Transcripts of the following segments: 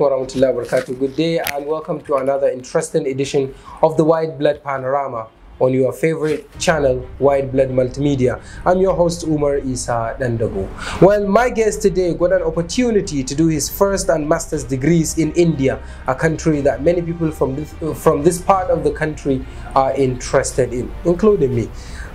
warahmatullahi wabarakatuh. Good day and welcome to another interesting edition of the White Blood Panorama on your favorite channel, White Blood Multimedia. I'm your host, Umar Isa Dandago. Well, my guest today got an opportunity to do his first and master's degrees in India, a country that many people from this, from this part of the country are interested in, including me.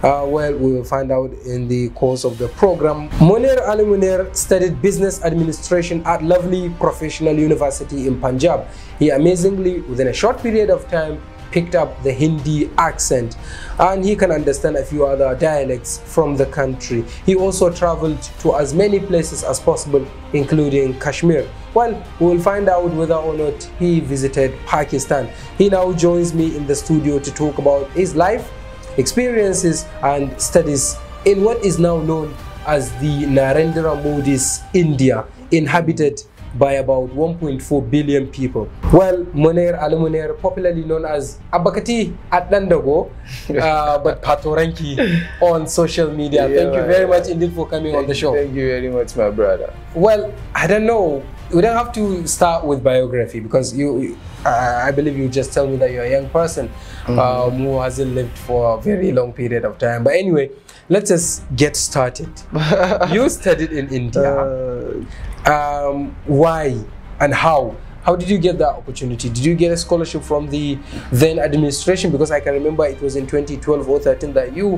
Uh, well, we will find out in the course of the program. Munir Ali Munir studied business administration at Lovely Professional University in Punjab. He amazingly, within a short period of time, picked up the Hindi accent and he can understand a few other dialects from the country. He also traveled to as many places as possible, including Kashmir. Well, we'll find out whether or not he visited Pakistan. He now joins me in the studio to talk about his life experiences and studies in what is now known as the Narendra Modi's India, inhabited by about 1.4 billion people. Well, Munir Al Munir, popularly known as Abakati at Nandago, uh, but Patoranki on social media. Yeah, thank you very much indeed for coming thank on the show. You, thank you very much, my brother. Well, I don't know. We don't have to start with biography because you I believe you just tell me that you're a young person mm -hmm. um, who hasn't lived for a very long period of time. But anyway, let's just get started. you studied in India. Uh, um, why and how? How did you get that opportunity? Did you get a scholarship from the then administration? Because I can remember it was in 2012 or 13 that you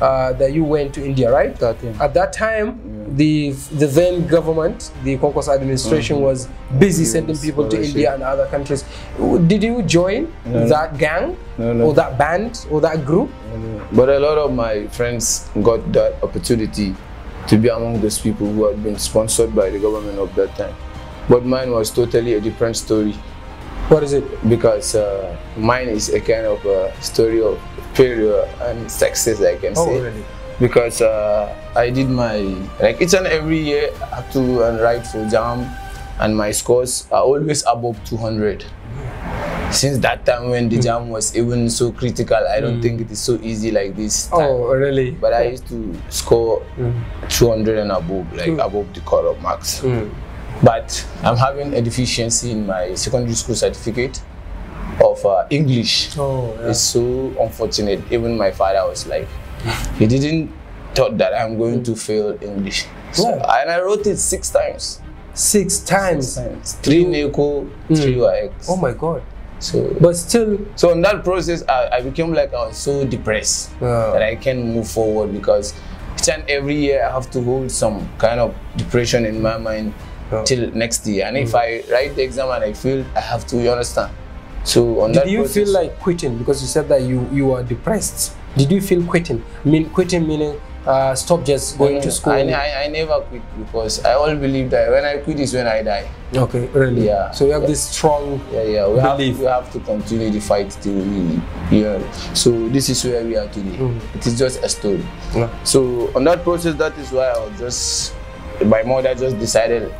uh, that you went to India, right? 13. At that time, mm the the then government, the Concourse administration, mm -hmm. was busy sending people to India and other countries. Did you join no, that no. gang no, or that band or that group? But a lot of my friends got that opportunity to be among those people who had been sponsored by the government of that time. But mine was totally a different story. What is it? Because uh, mine is a kind of a story of failure and success, I can oh, say. Really? because uh, I did my like each and every year I have to and write for jam, and my scores are always above 200. Since that time when the hmm. jam was even so critical, I don't mm. think it is so easy like this. Oh, time. Oh, really? But I used to score mm. 200 and above, like mm. above the cut-off marks. Hmm. But I'm having a deficiency in my secondary school certificate of uh, English. Oh, yeah. It's so unfortunate. Even my father was like, he didn't thought that I'm going to fail English. So, And I wrote it six times. Six times? Six times. Three NECO, mm. three UX. Oh my God. So, but still. So in that process, I, I became like I was so depressed ah. that I can't move forward because each and every year I have to hold some kind of depression in my mind oh. till next year. And mm. if hmm. I write the exam and I fail, I have to, you understand? So on Did that. you process, feel like quitting because you said that you you are depressed? Did you feel quitting? I mean, quitting meaning uh, stop just going no, to school? I, I, I, never quit because I always believe that when I quit is when I die. Okay, really? Yeah. So you have yeah. this strong yeah, yeah. We belief. Have, we have to continue the fight till we, yeah. So this is where we are today. Mm. It is just a story. Yeah. So on that process, that is why I just, my mother just decided,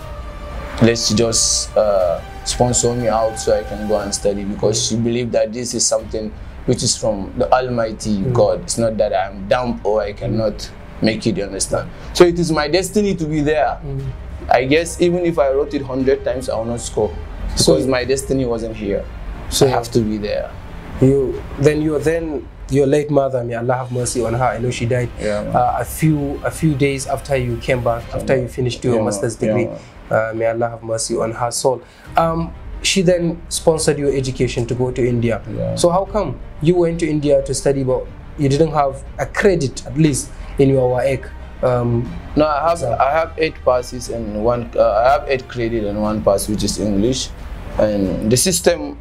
let's just uh, sponsor me out so I can go and study because she believed that this is something which is from the Almighty mm. God. It's not that I'm dumb or I cannot make it, you understand? So it is my destiny to be there. Mm. I guess even if I wrote it 100 times, I will not score because my destiny wasn't here. So I have to be there. You then you're then your late mother, may Allah have mercy on her. I know she died yeah, uh, a few a few days after you came back, after yeah, you finished your yeah, master's degree. Uh, may Allah have mercy on her soul. Um, she then sponsored your education to go to India. Yeah. So how come you went to India to study, but you didn't have a credit at least in your WAEC? Um, no, I have I have eight passes and one uh, I have eight credit and one pass, which is English, and the system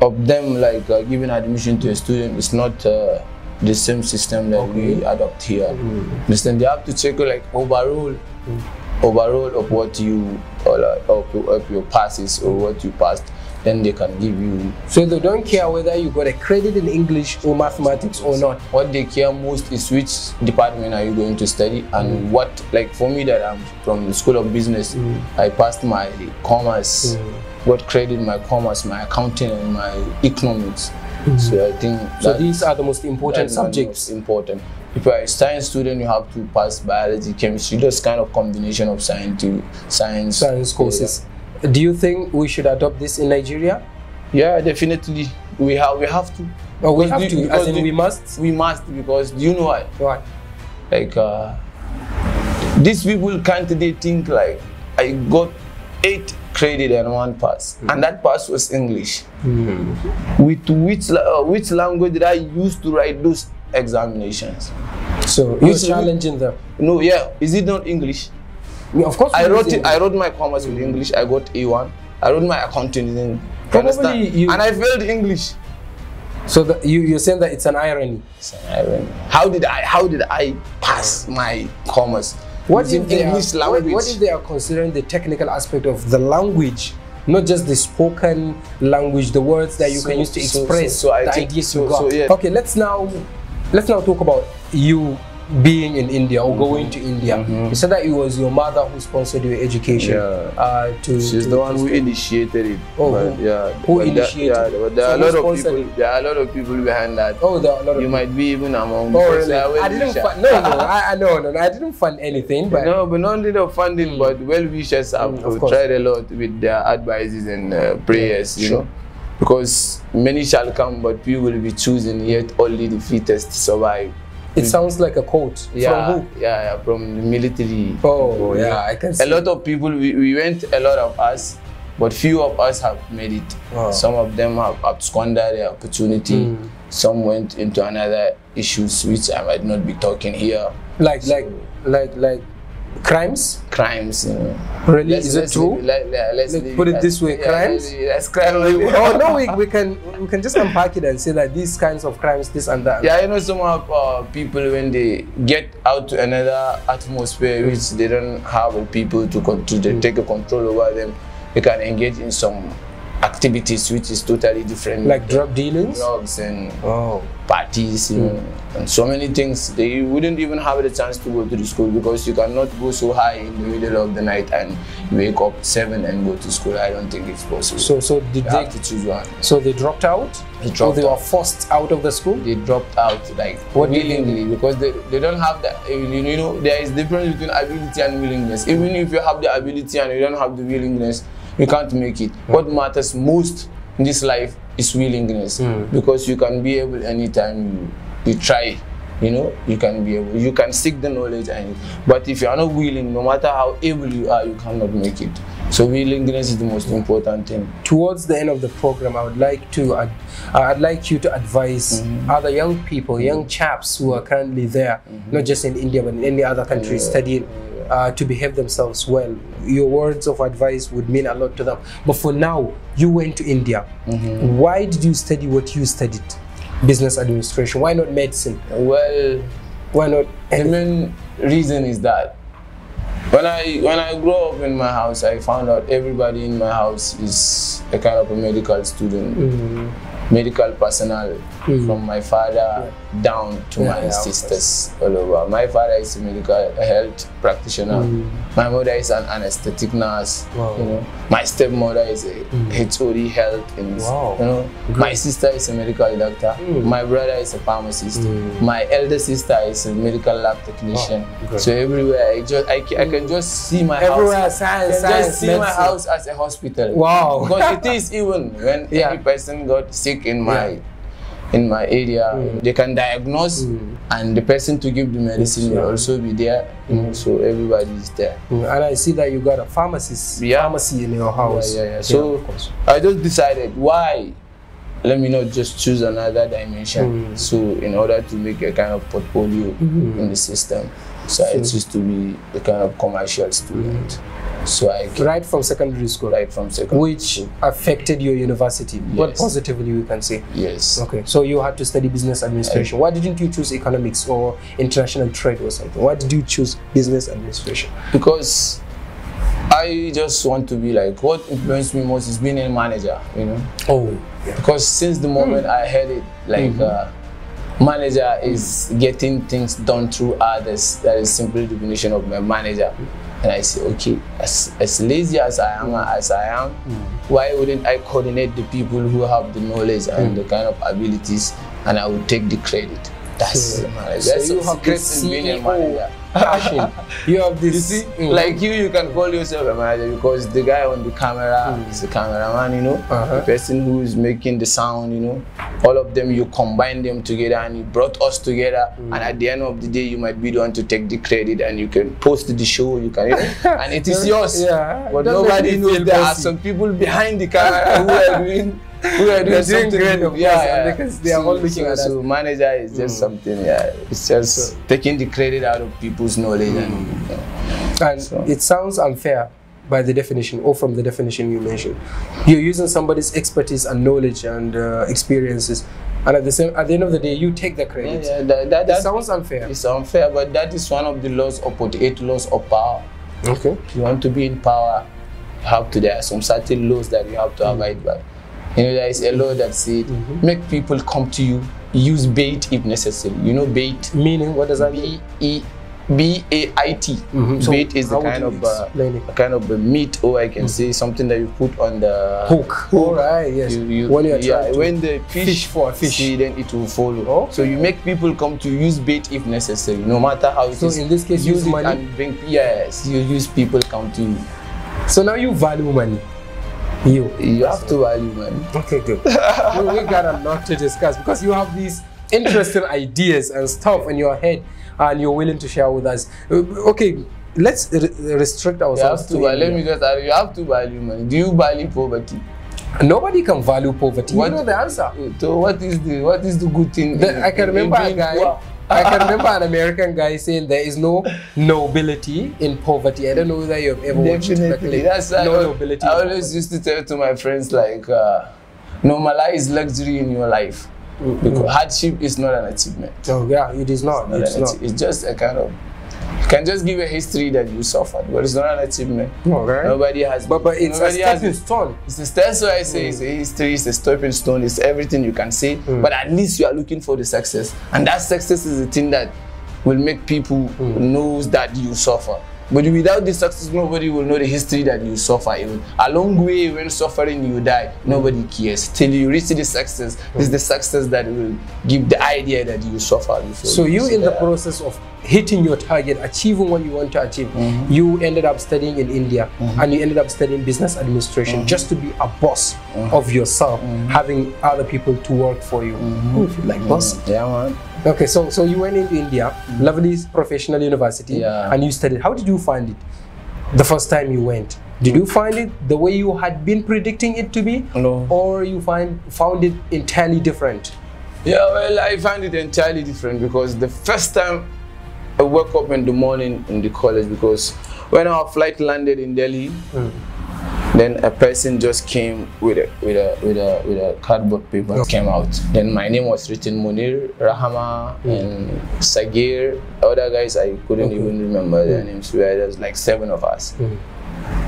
of them like uh, giving admission to a student is not. Uh, the same system that okay. we adopt here. Mm. Understand? They have to check like overall, mm. overall of what you or like up, up your passes or what you passed then they can give you. So they don't care whether you got a credit in English or mathematics or not. What they care most is which department are you going to study and mm. what, like for me that I'm from the School of Business, mm. I passed my commerce, mm. got credit my commerce, my accounting and my economics. Mm-hmm. So I think so. These are the most important subjects. Most important. If you are a science student, you have to pass biology, chemistry, those kind of combination of science to science science courses. Yeah. Do you think we should adopt this in Nigeria? Yeah, definitely. We have we have to. Oh, we have to. As in, we must. We must because do you know why? Why? Like uh, these people can't they think like I got eight created in one pass, mm. and that pass was English. Mm. With which uh, which language did I use to write those examinations? So you're challenging them. No, yeah. Is it not English? Yeah, of course. I wrote it, I wrote my commerce with English. I got A1. I wrote my accounting in English. you, and I failed English. So the, you you're saying that it's an irony. It's an irony. How did I how did I pass my commerce? what in English are, language. What, if they are considering the technical aspect of the language? not just the spoken language, the words that you so, can use to express so, so, so I the think, ideas you got. Yeah. Okay, let's now let's now talk about you being in India or mm -hmm. going to India. Mm -hmm. You said that it was your mother who sponsored your education. Yeah. Uh, to, She's to the one who initiated it. Oh, but, yeah. Who but initiated? That, yeah, but there so are a lot of people. It? There are a lot of people behind that. Oh, there are a lot of. You people. might be even among. Oh, really? I didn't fund. No, no, I, no, no, no, I didn't fund anything. But no, but not only the funding, mm. but well wishers have hmm, tried a lot with their advices and uh, prayers. You sure. know because many shall come, but few will be chosen, yet only the fittest survive. It mm. sounds like a quote. Yeah, from who? Yeah, yeah, from the military. Oh, yeah, yeah, I can see. A lot of people, we, we went, a lot of us, but few of us have made it. Oh. Some of them have absconded their opportunity. Mm. Some went into another issues which I might not be talking here. Like, so, like, like, like crimes crimes yeah. really let's, is it true let, us put it, this way yeah, crimes yes crime oh no we, we can we can just unpack it and say that these kinds of crimes this and that yeah you know some of uh, people when they get out to another atmosphere which they don't have people to, to take a control over them they can engage in some activities which is totally different. Like drug dealings? Drugs and oh. parties and, mm. and so many things. They wouldn't even have the chance to go to the school because you cannot go so high in the middle of the night and wake up 7 and go to school. I don't think it's possible. So so did you they, to choose one. So they dropped out? They dropped they out. were forced out of the school? They dropped out like what willingly because they, they don't have the, you know, there is difference between ability and willingness. Even if you have the ability and you don't have the willingness, you can't make it. Mm. What matters most in this life is willingness mm. because you can be able anytime you, you try. You know, you can be able, you can seek the knowledge, and but if you are not willing, no matter how able you are, you cannot make it. So willingness is the most important thing. Towards the end of the program, I would like to, I'd like you to advise mm -hmm. other young people, young mm-hmm. chaps who are currently there, mm -hmm. not just in India but in any other country yeah. Uh, studying uh, to behave themselves well. Your words of advice would mean a lot to them. But for now, you went to India. Mm-hmm. Why did you study what you studied? Business administration. Why not medicine? Well, why not? The main reason is that when I when I grew up in my house, I found out everybody in my house is a kind of a medical student, mm-hmm. medical personnel mm-hmm. from my father. Yeah down to yeah, my sisters all over. My father is a medical health practitioner. Mm. My mother is an anesthetic nurse. Wow. You know, my stepmother is a mm. health. And, wow. You know, my sister is a medical doctor. Mm. My brother is a pharmacist. Mm. My elder sister is a medical lab technician. Wow. So everywhere, I just I, I can just see my everywhere house. Science, science, just see medicine. my house as a hospital. Wow. Because it is even when yeah. person got sick in my. Yeah in my area. Mm. They can diagnose mm. and the person to give the medicine will also be there. Mm. So everybody is there. Mm. And I see that you got a pharmacist yeah. pharmacy in your house. Yeah, yeah, yeah. So I just decided why let me not just choose another dimension. Mm. So in order to make a kind of portfolio -hmm. in the system. So I choose to be a kind of commercial student. So I right from secondary school. Right from secondary. Which affected your university, yes. but positively we can say. Yes. Okay. So you had to study business administration. I, Why didn't you choose economics or international trade or something? Why did you choose business administration? Because I just want to be like what influenced me most is being a manager. You know. Oh. Yeah. Because since the moment mm. I heard it, like. Mm -hmm. uh, manager is getting things done through others. That is simply the definition of my manager. And I say, okay, as, as lazy as I am, mm. as I am, mm. why wouldn't I coordinate the people who have the knowledge and mm. the kind of abilities and I would take the credit? That's so, my, so you have the CEO passion. you have this. You see, mm. like you, you can call yourself a manager because the guy on the camera mm. is the cameraman, you know. Uh -huh. The person who is making the sound, you know. All of them, you combine them together and you brought us together. Mm. And at the end of the day, you might be the one to take the credit and you can post the show. You can, you know, and it is yours. Yeah. But Don't nobody knows there are some people behind the camera who are doing. we are doing, doing great, of yeah, course, yeah. because they so, are all looking so, at us. So manager is just mm. something, yeah, it's just so. taking the credit out of people's knowledge. Mm. And, yeah. and so. it sounds unfair by the definition or from the definition you mentioned. You're using somebody's expertise and knowledge and uh, experiences and at the same at the end of the day you take the credit yeah, yeah, that, that, that sounds unfair it's unfair but that is one of the laws of eight laws of power okay you want to be in power you have to there are some certain laws that you have to abide by you know, there is a law that said mm -hmm. make people come to you, use bait if necessary. You know, bait. Meaning, what does that mean? B E B A I T. Mm -hmm. so bait is the uh, kind of uh, kind of meat, or I can mm -hmm. say something that you put on the hook. All right, yes. You, you, when you yeah, when the fish, fish for fish, see, then it will follow. Okay. So you make people come to use bait if necessary, no matter how it so is. in this case, use, use money. and bring yes, you use people come to you. So now you value money. You. You have to value money. Okay, good. we got a lot to discuss because you have these interesting ideas and stuff in your head and you're willing to share with us. Uh, okay, let's re restrict ourselves you have to, to let me just add, you have to value money. Do you value poverty? Nobody can value poverty. What, you know the answer. So what is the what is the good thing? The, in, I can remember a guy. I can remember an American guy saying there is no nobility in poverty. I don't know whether you've ever Definitely. watched it. That's no I, nobility. I always used to tell to my friends like, uh, normalize luxury in your life. Mm -hmm. Because hardship is not an achievement. Oh yeah, it is not. It's, not it's, not. it's just a kind of can just give a history that you suffered, but it's not an achievement. Okay. Nobody has. But, but it's a stepping stone. It's a so I say mm. it's a history, it's a stepping stone, it's everything you can say, mm. but at least you are looking for the success. And that success is the thing that will make people mm. knows that you suffer. But without the success, nobody will know the history that you suffer. Even along way, when suffering, you die. Nobody cares till you reach the success. It's hmm. the success that will give the idea that you suffer. Before. So you, in the process of hitting your target, achieving what you want to achieve, mm -hmm. you ended up studying in India mm -hmm. and you ended up studying business administration mm -hmm. just to be a boss mm-hmm. of yourself, mm-hmm. having other people to work for you. Mm-hmm. Ooh, you like boss? Yeah, man. Okay, so so you went into India, lovely professional university, yeah. and you studied. How did you find it? The first time you went, did you find it the way you had been predicting it to be, no. or you find found it entirely different? Yeah, well, I find it entirely different because the first time I woke up in the morning in the college because when our flight landed in Delhi, mm. then a person just came with a with a with a with a cardboard paper okay. came out. Then my name was written Munir, Rahama, mm. and Sagir. Other guys I couldn't okay. even remember their hmm. names. We were just like seven of us. Mm.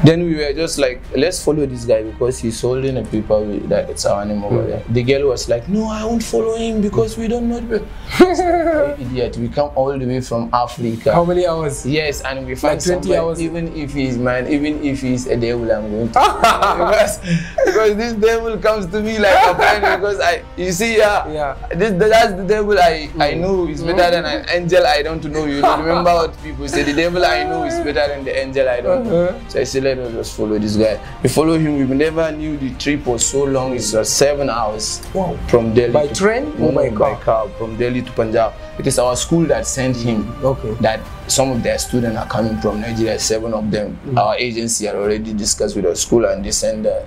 Then we were just like, let's follow this guy because he's holding a paper with, that it's our name over hmm. there. The girl was like, no, I won't follow him because we don't know. The idiot, we come all the way from Africa. How many hours? Yes, and we find like 20 hours. even if he's man, even if he's a devil, I'm going to. because, because this devil comes to me like a friend because I, you see, yeah, yeah. This, that's the devil I, mm. I hmm. know is better mm. than an angel I don't know. You remember what people say, the devil I know is better than the angel I don't know. Uh-huh. So say, let us just follow this guy. We follow him. We never knew the trip was so long. It's uh, seven hours wow. from Delhi. By to, train Oh my mm, God! By car, from Delhi to Punjab. It is our school that sent him. Okay. That some of their students are coming from Nigeria, seven of them. Mm. Our agency had already discussed with our school and they sent uh,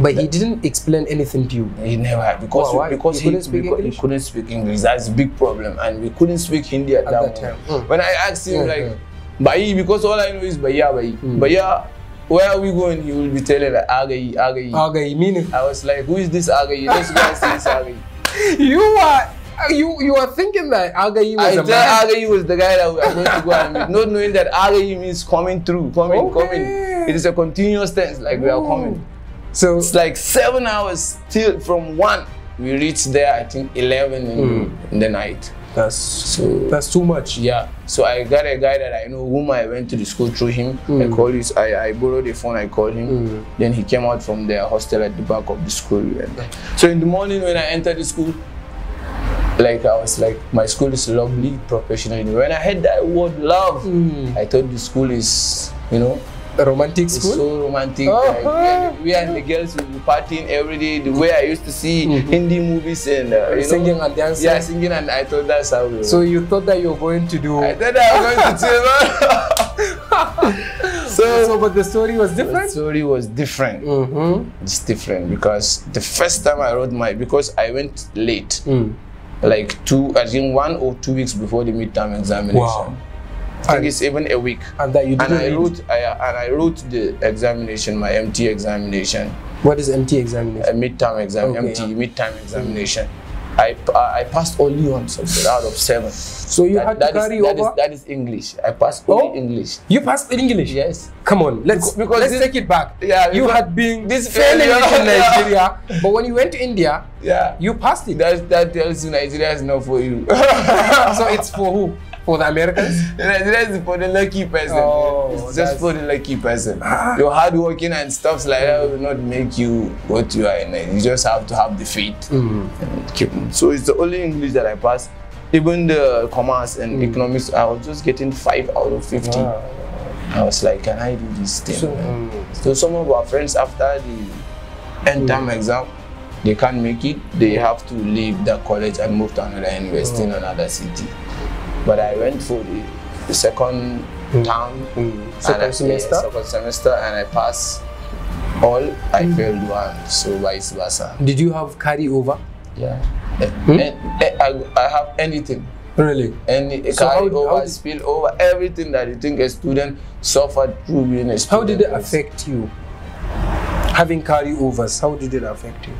but that, he didn't explain anything to you. He never because because, he couldn't, he, because he couldn't speak English. That's a big problem, and we couldn't speak Hindi at, at that, that, time. Mm. When I asked him mm -hmm. like, Bayi, because all I know is Baya Bayi. Mm. Baya where are we going? He will be telling like, Agai, Agai. Agai, meaning? I was like, who is this Agai? Let's go and see this Agai. you are you you are thinking that Agayi was I a man. Agayi was the guy that we are going to go and meet, not knowing that Agayi means coming through, coming, okay. coming. It is a continuous tense, like Ooh. we are oh. coming. So it's like seven hours till from one. We reach there, I think eleven in, mm. in the night. That's so, that's too much. Yeah. So I got a guy that I know whom I went to the school through him. Mm. I hmm. called his I, I borrowed a phone, I called him. Mm. Then he came out from the hostel at the back of the school. Hmm. so in the morning when I entered the school, like I was like, my school is lovely, professional. When I heard that word love, mm. I thought the school is, you know, romantic school? It's so romantic. Oh. Like, we, and, we and the girls will be partying every day. The way I used to see mm Hindi movies and uh, you singing know, and dancing. Yeah, singing and I thought that's how. We so you thought that you were going to do? I thought I was going to do. so, so, but the story was different. The story was different. Mm-hmm. It's different because the first time I wrote my because I went late. Mm. Like two, I think one or two weeks before the midterm examination. Wow think and, it's even a week. And that you did And I wrote, I, and I wrote the examination, my MT examination. What is MT examination? A midterm exam, okay, MT, yeah. midterm examination. I, I passed only on something out of seven. So you that, had that carry is, over? That is, that is English. I passed oh? only English. You passed English? Yes. Come on, let's because, let's this, take it back. Yeah, you had been this uh, failing in Nigeria, but when you went to India, yeah, you passed it. That that tells you Nigeria is not for you. so it's for who? For the Americans? that's for the lucky person. Oh, just for the lucky person. you ah. Your hardworking and stuff like that will not make you what you are in. It. You just have to have the faith. Mm. Keep, so it's the only English that I passed. Even the commerce and mm. economics, I was just getting five out of 50. Wow. I was like, can I do this thing? So, mm. so some of our friends after the end mm. term exam, they can't make it. They have to leave the college and move to another university oh. in another city. But I went for the, the second mm. term, mm. second I, semester, yeah, second semester, and I passed all. I mm. failed one, so vice versa. Did you have carry over? Yeah, hmm? eh, eh, I, I have anything. Really? Any so carry how, over, how spill over, everything that you think a student suffered through being a student. How did it affect you? Having carry overs, how did it affect you?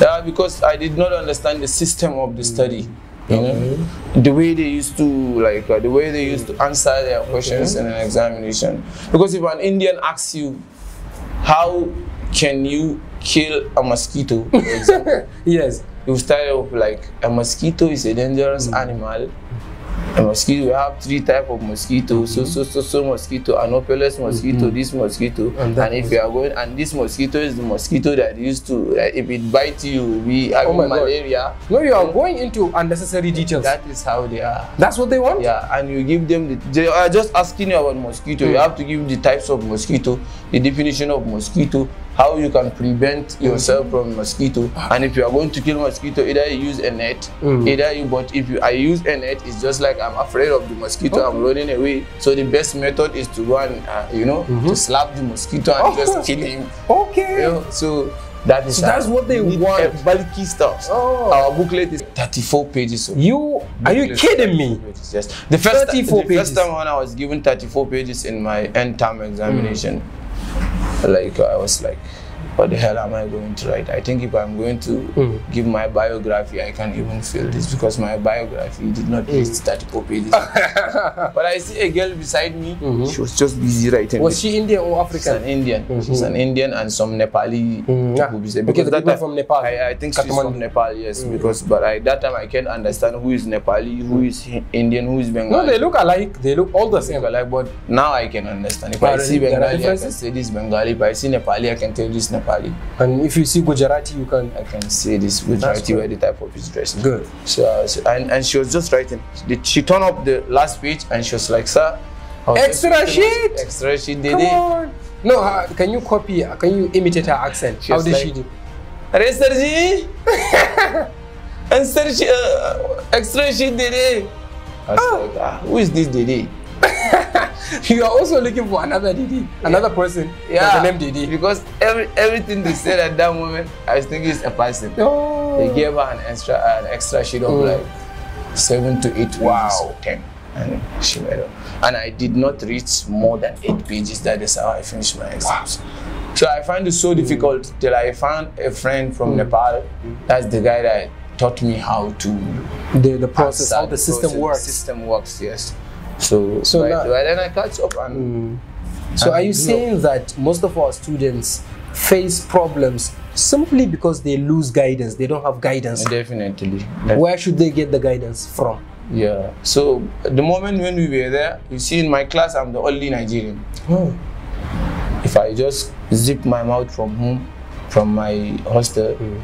Yeah, because I did not understand the system of the mm. study. You know, mm -hmm. the way they used to like uh, the way they used to answer their questions in an examination. Because if an Indian asks you, how can you kill a mosquito? yes. You start off like a mosquito is a dangerous mm -hmm. animal a mosquito, we have three type of mosquito. So, mm-hmm. so, so, so mosquito, anopheles mosquito, mm -hmm. this mosquito. And, and if you are going, and this mosquito is the mosquito that used to, if it bites you, we have oh malaria. God. No, you are going into unnecessary details. That is how they are. That's what they want? Yeah, and you give them, the, they are just asking you about mosquito. Mm. You have to give the types of mosquito, the definition of mosquito, how you can prevent mm. yourself mm. from mosquito. And if you are going to kill mosquito, either you use a net, mm. either you, but if you, I use a net, it's just like I'm afraid of the mosquito. Okay. I'm running away. So the best method is to run, uh, you know, mm -hmm. to mm-hmm. slap the mosquito and just kill him. Okay. You know, so that is so that's what they want. Baliki keeps Oh. Our booklet is 34 pages. you are you kidding me? Pages, yes. The first 34 the pages. first time when I was given 34 pages in my end term examination, mm. like I was like, what the hell am I going to write? I think if I'm going to mm. give my biography, I can even fill this because my biography did not hmm. reach mm. 34 pages. but I see a girl beside me, mm -hmm. she was just busy writing. Was she Indian or African? She's an Indian. -hmm. She's an Indian and some Nepali -hmm. yeah. Because that time, from Nepal. I, I think she's from Nepal, yes. Hmm. Because but I, that time I can't understand who is Nepali, who hmm. is Indian, who is Bengali. No, they look alike. They look all the they same. Alike, but now I can understand. If but I see Bengali, I can say this Bengali. If I see Nepali, I can tell this Nepali. Nepali. And if you see Gujarati, you can I can say this Gujarati where the type of his dress. Good. So, so, and and she was just writing. She turned up the last page and she was like, sir. Oh, extra sheet. Extra sheet. Did Come it. on. No, uh, can you copy? Uh, can you imitate her accent? She How did like, she do? Restarji. and search uh, extra sheet Dede. I was oh. like, ah, who is this Didi? you are also looking for another DD, another yeah. person. Yeah. The name DD. Because every everything they said at that moment, I was thinking it's a person. Oh. They gave her an extra an extra sheet of mm. like seven to eight wow. or ten. And she made up. And I did not reach more than eight pages. That is how I finished my exams. Wow. So I find it so difficult mm. till I found a friend from mm. Nepal. That's the guy that taught me how to the, the process, how the, system works. System works, yes. So, so right, that, I catch up and. Mm. So and are you saying that most of our students face problems simply because they lose guidance? They don't have guidance. Definitely. definitely. Where should they get the guidance from? Yeah. So the moment when we were there, you see in my class, I'm the only Nigerian. Oh. If I just zip my mouth from home, from my hostel, mm.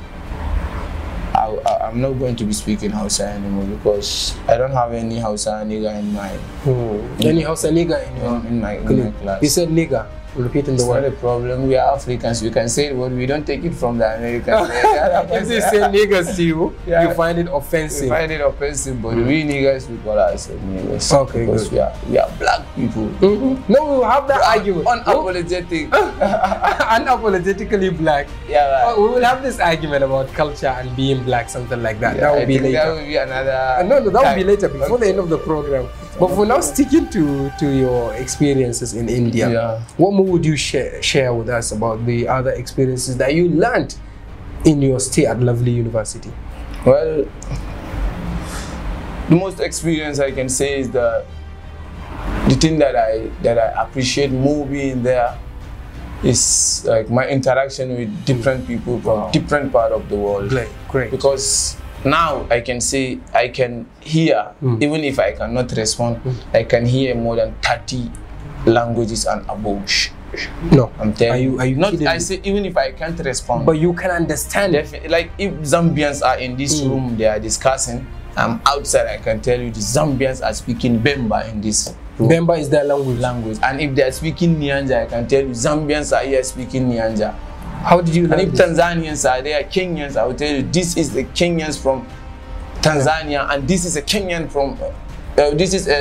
I, am not going to be speaking Hausa anymore because I don't have any Hausa nigger in my. Hmm. Any Hausa nigga in, in, in, my, in my class. said nigga repeating the it's the It's not a problem. We are Africans. We can say it, but We don't take it from the Americans. if they say niggas to you, yeah. you find it offensive. You find it offensive, but mm. we niggas, we call ourselves niggas. Okay, because good. we are we are black people. Mm -hmm. No, we will have that argument. Unapologetic. Unapologetically black. Yeah, right. Oh, we will have this argument about culture and being black, something like that. Yeah, that will I be later. That will be another. Uh, no, no, that will be later before okay. the end of the program. But for now, sticking to, to your experiences in India, yeah. what more would you share, share with us about the other experiences that you learned in your stay at Lovely University? Well, the most experience I can say is that the thing that I that I appreciate more being there is like my interaction with different people from wow. different part of the world. Great, great. Because now I can say I can hear, mm. even if I cannot respond, mm. I can hear more than 30 languages and above. No, I'm telling you. Are you, are you not, I say even if I can't respond, but you can understand. like if Zambians are in this mm. room, they are discussing. I'm outside. I can tell you the Zambians are speaking Bemba in this. Room. Bemba is their language. Language, and if they are speaking Nyanja, I can tell you Zambians are here speaking Nyanja. How did you And if this? Tanzanians are there, Kenyans, I will tell you, this is the Kenyans from Tanzania, and this is a Kenyan from uh, uh this is a,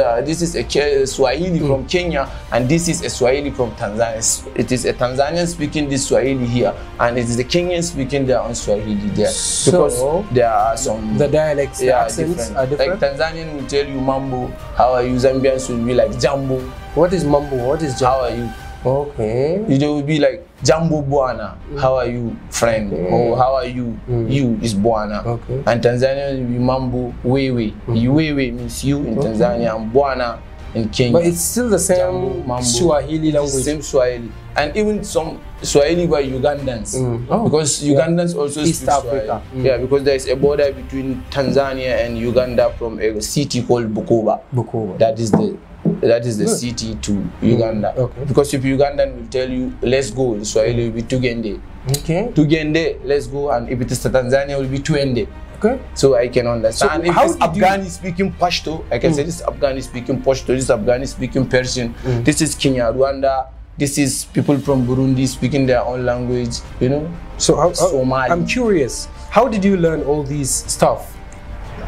uh, uh, this is a uh, Swahili mm. from Kenya and this is a Swahili from Tanzania. It is a Tanzanian speaking this Swahili here and it is the Kenyan speaking their own Swahili there so because there are some the dialects, yeah, accents different. are different. Like Tanzanian will tell you mambo, how are you? Zambians will be like jambo. What is mambo? What is jambo? How are you? Okay. They will be like jambo bwana mm. how are you friend mm. or how are you mm. you is bwana okay. and tanzania ni mambo wewe mm. wewe means you in okay. tanzania and bwana in kenya but it's still the same jambu, mambu, swahili language same swahili and even some swahili by ugandans mm. oh, because ugandans yeah. also East speak africa swahili. Mm. yeah because there is a border between tanzania and uganda from a city called bukoba bukoba that is the that is the city to mm. Uganda. Okay. Because if Ugandan will tell you, let's go, in Swahili will be Tugende. Okay. Tugende, let's go. And if it is Tanzania, will be Tuende. Okay. So I can understand. So if how it's Afghani speaking Pashto, I can mm. say this Afghani speaking Pashto, this Afghani speaking Persian, mm. this is Kenya, Rwanda, this is people from Burundi speaking their own language, you know? So how, Somali. I'm curious, how did you learn all these stuff?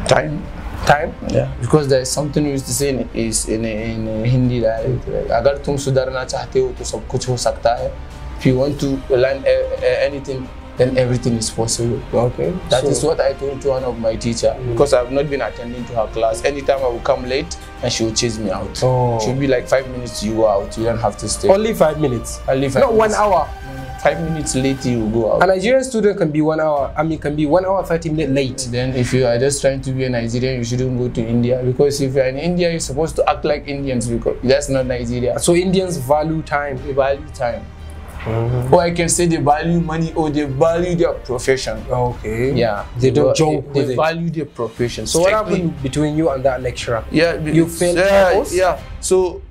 Time time yeah. because there is something we used to say in, is in, in, Hindi that like, if you want to learn anything then everything is possible. Okay. That so, is what I told to one of my teacher mm. because I've not been attending to her class. Anytime I will come late and she will chase me out. Oh. She'll be like five minutes you are out. You don't have to stay. Only five minutes. Only five. Not minutes. one hour five minutes late you go out. A Nigerian student can be one hour, I mean can be one hour thirty minutes late. Then if you are just trying to be a Nigerian, you shouldn't go to India because if you're in India, you're supposed to act like Indians because that's not Nigeria. So Indians value time. They value time. Mm. Or I can say they value money or they value their profession. Okay. Yeah. They, don't joke. they, they value their profession. So what happened between you and that lecturer? Yeah. You failed. Yeah, yeah. So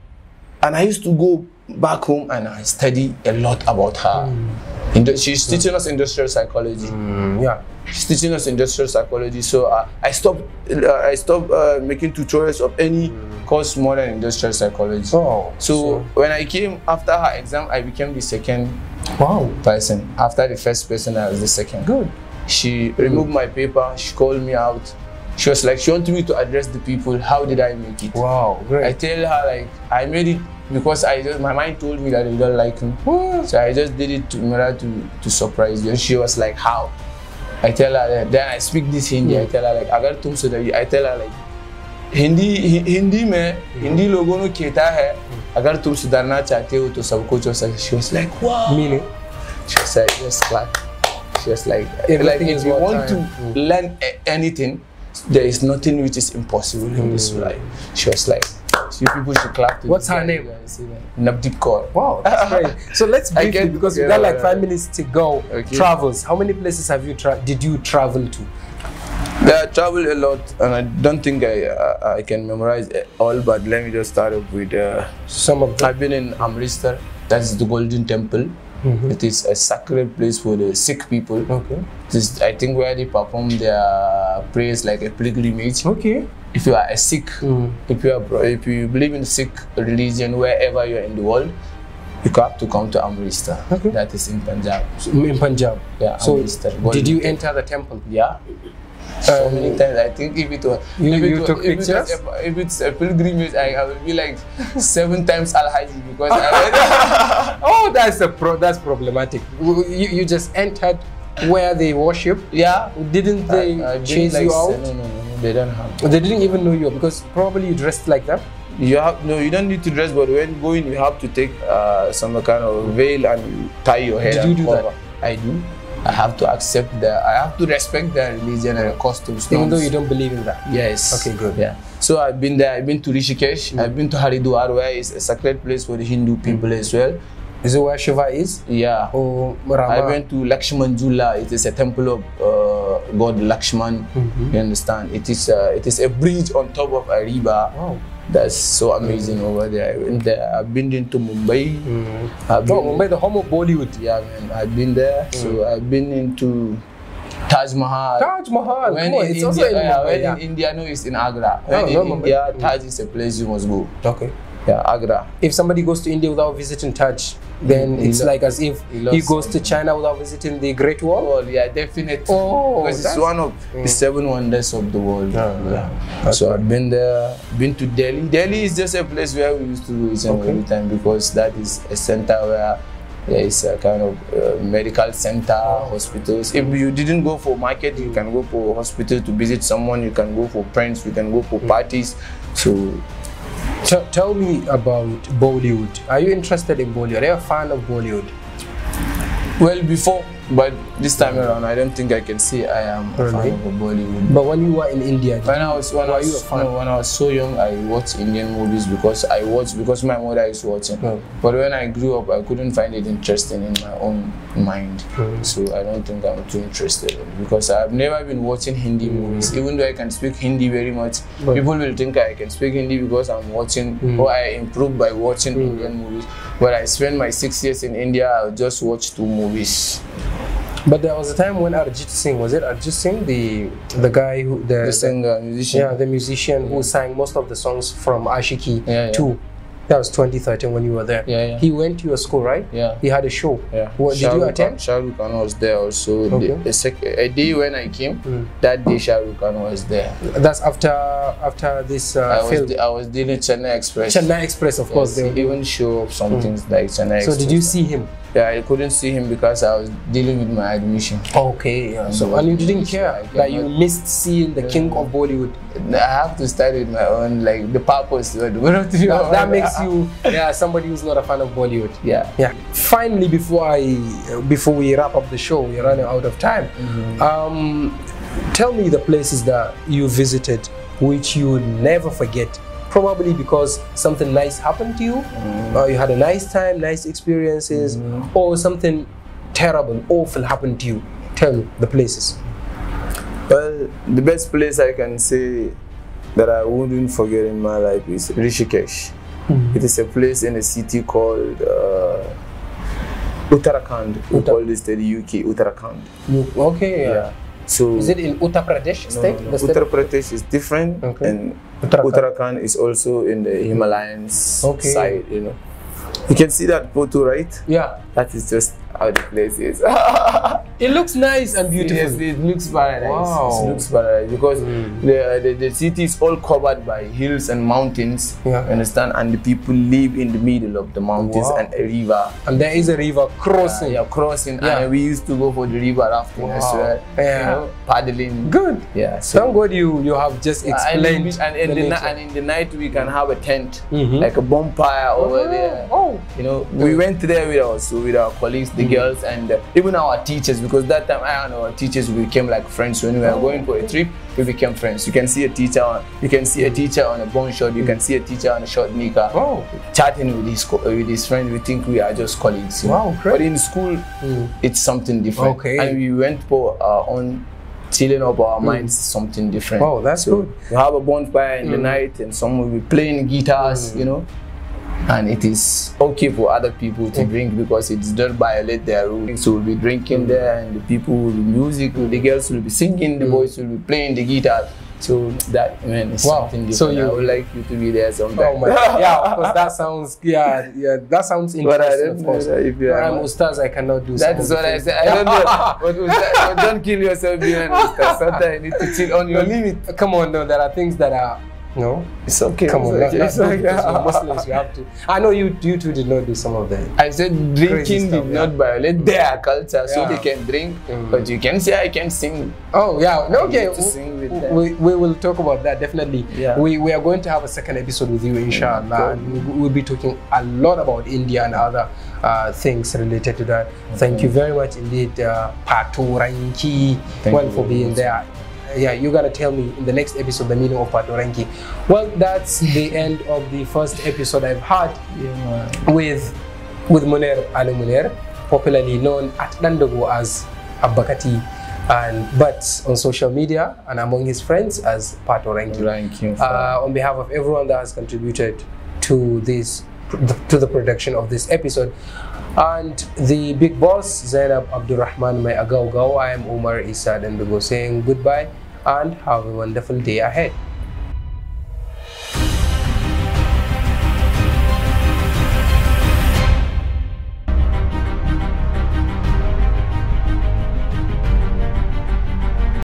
and I used to go back home and I study a lot about her. Mm. she's mm. teaching us industrial psychology. Mm. Yeah, she's teaching us industrial psychology. So uh, I stopped, uh, I stopped uh, making tutorials of any mm. course more than industrial psychology. Oh, so, so, when I came after her exam, I became the second wow. person. After the first person, I was the second. Good. She removed my paper. She called me out. She was like, she wanted me to address the people. How did I make it? Wow, great. I tell her like I made it because I just my mind told me that you don't like him. So I just did it to, in order to, to surprise you. And she was like, How? I tell her that, then I speak this Hindi, yeah. I tell her like I got to so that you I tell her like Hindi Hindi Hindi में Hindi logo no keta hai. अगर तुम सुधारना चाहते हो तो सब कुछ हो सकता she was like wow meaning she said like just clap she was like Everything like if you want time. to mm. learn anything there is nothing which is impossible in mm. this life she was like You people should clap to What's her name? Nabdeep Kaur. Wow, So let's briefly, because yeah, we got like yeah, five minutes to go. Okay. Travels. How many places have you did you travel to? Yeah, I travel a lot, and I don't think I uh, I can memorize all. But let me just start off with uh, some of. Them. I've been in Amritsar. That's the Golden Temple. Mm -hmm. it is a sacred place for the sick people. Okay. This, I think where they perform their prayers like a pilgrimage. Okay if you are a Sikh, mm. if you are if you believe in Sikh religion wherever you are in the world, you have to come to Amritsar. Okay. That is in Punjab. So, in Punjab. Yeah. So Amritsar. did you enter the temple? Yeah. So um, many times, I think if it was you, if it you was, took if pictures. It if it's a pilgrimage, I, I will be like seven times Al Haji because. I, oh, that's pro. That's problematic. You, you just entered where they worship. Yeah. Didn't they I, I chase like, you out? No, no, no. They don't have. They didn't even know you because probably you dressed like them. You have no. You don't need to dress, but when going, you have to take uh, some kind of veil and tie your hair. Did you do cover. that? I do. I have to accept that. I have to respect their religion and their customs. Even though you don't believe in that. Yes. Okay, good. Yeah. So I've been there. I've been to Rishikesh. Mm. I've been to Haridwar, where it's a sacred place for the Hindu people mm. as well. Is it where Shiva is? Yeah. Oh, Rama? I went to Lakshman Jula. It is a temple of uh, God Lakshman. Mm -hmm. You understand? It is uh, it is a bridge on top of a river. Wow. That's so amazing mm -hmm. over there. I went there. I've been into Mumbai. Mm -hmm. I've been, oh, Mumbai, the home of Bollywood. Yeah, man. I've been there. Mm. So I've been into Taj Mahal. Taj Mahal. When in it's India, also in Mumbai, when yeah. in India, no, it's in Agra. When in India, Mumbai. Taj is a place you must go. Okay yeah, Agra. If somebody goes to India without visiting Taj, then he it's like as if he, he goes to China without visiting the Great Wall. Well, oh, yeah, definitely. Oh, because it's one of mm. the seven wonders of the world. Yeah, yeah. So I've been there, been to Delhi. Delhi is just a place where we used to do it okay. every time because that is a center where there is a kind of uh, medical center, hospitals. If you didn't go for market, you mm. can go for hospital to visit someone. You can go for friends. You can go for mm. parties. So T tell me about Bollywood. Are you interested in Bollywood? Are you a fan of Bollywood? Well, before but this time around, I don't think I can say I am really? a fan of a Bollywood. But when you were in India, when I was when I was, no, when I was so young, I watched Indian movies because I watched because my mother is watching. Oh. But when I grew up, I couldn't find it interesting in my own mind. Mm. So I don't think I'm too interested in it because I've never been watching Hindi movies. Even though I can speak Hindi very much, but people will think I can speak Hindi because I'm watching mm. or I improve by watching hmm. Indian movies. But I spent my six years in India. i just watched two movies. But there was a time when Arjit Singh was it Arjit Singh the the guy who the, the singer the, musician yeah the musician yeah. who sang most of the songs from Ashiki yeah, yeah. That was 2013 when you were there. Yeah, yeah. He went to your school, right? Yeah. He had a show. Yeah. What, did you attend? Shahrukh Khan was there also. Okay. The, the a day when I came, mm. that day Shahrukh Khan was there. That's after after this uh, I film. Was I was dealing Chennai Express. Chennai Express, of yes, course. They even show something some mm. things like Chennai. So Express. did you see him? Yeah, I couldn't see him because I was dealing with my admission. Okay, yeah. So, and you didn't care that you missed seeing the yeah. king of Bollywood. I have to start with my own, like the purpose. what do you that, that makes you, yeah, somebody who's not a fan of Bollywood. Yeah, yeah. Finally, before I, before we wrap up the show, we're running out of time. Mm -hmm. um, tell me the places that you visited which you will never forget probably because something nice happened to you, mm. or you had a nice time, nice experiences, mm. or something terrible, awful happened to you. Tell me the places. Well, the best place I can say that I wouldn't forget in my life is Rishikesh. Mm. It is a place in a city called. Uh, Uttarakhand, Uttar- we call this the UK, Uttarakhand. Okay, yeah. yeah. So is it in Uttar Pradesh state? No, no, Uttar Pradesh is different, okay. and Uttarakhand. Uttarakhand. is also in the mm-hmm. Himalayas okay. side. You know, you can see that photo, right? Yeah, that is just how the place is. It looks nice and beautiful. Yes, it looks paradise. Wow. It looks paradise because mm. the, the, the city is all covered by hills and mountains. Yeah. understand? And the people live in the middle of the mountains wow. and a river. And there is a river crossing. Uh, yeah, crossing. Yeah. And we used to go for the river rafting wow. as well. Yeah. You know, paddling. Good. Yeah. So Thank God you you have just explained. Uh, and, in the, and, in the and, in the night we can have a tent, mm -hmm. like a bonfire over oh. there. Oh. You know, we went there with our so with our colleagues, the mm -hmm. girls, and uh, even our teachers because that time I and our teachers became like friends. When we were going for a trip, we became friends. You can see a teacher on you can see a teacher on a bone shot. You can see a teacher on a short knicker. Chatting with his with his friend, we think we are just colleagues. Wow, great. But in school, mm. it's something different. Okay. And we went for our own chilling up our hmm. minds mm. something different. Oh, that's so good. We have a bonfire in mm. the hmm. night and some will be playing guitars, mm. you know and it is okay for other people to drink because it does not violate their rules. So we'll be drinking mm. there, and the people will be music, the girls will be singing, the mm. boys will be playing the guitar. So that man is wow. something different. So you I would like you to be there sometime. Oh my God. yeah, of course that sounds yeah, yeah, that sounds interesting. But I don't Know if you are i I cannot do that. That's what I said. I don't know. but, but don't kill yourself being an Ustaz. Sometimes you need to chill on your limit. Come on, no, there are things that are no, it's okay. Come it's on, okay. Not, not, it's okay. Muslims, we have to. I know you. You two did not do some of that. I said drinking stuff, did yeah. not violate their mm. culture, yeah. so they can drink. Mm. But you can say I can sing. Oh yeah, no, okay. We, we, will talk about that definitely. Yeah. We we are going to have a second episode with you, mm. inshallah. Mm. We'll be talking a lot about India and other uh, things related to that. Thank you very much indeed, uh, Patu Ranki, well for being there yeah, you gotta tell me in the next episode the meaning of Patoranki. Well, that's the end of the first episode I've had yeah, with with Muner Ali Muner, popularly known at Dandago as Abakati. And, but on social media and among his friends as Patoranki. Ranking, uh, on behalf of everyone that has contributed to this to the production of this episode. And the big boss, Zainab Abdurrahman May Agaugo, I am Umar Isa Dendugo saying goodbye and have a wonderful day ahead.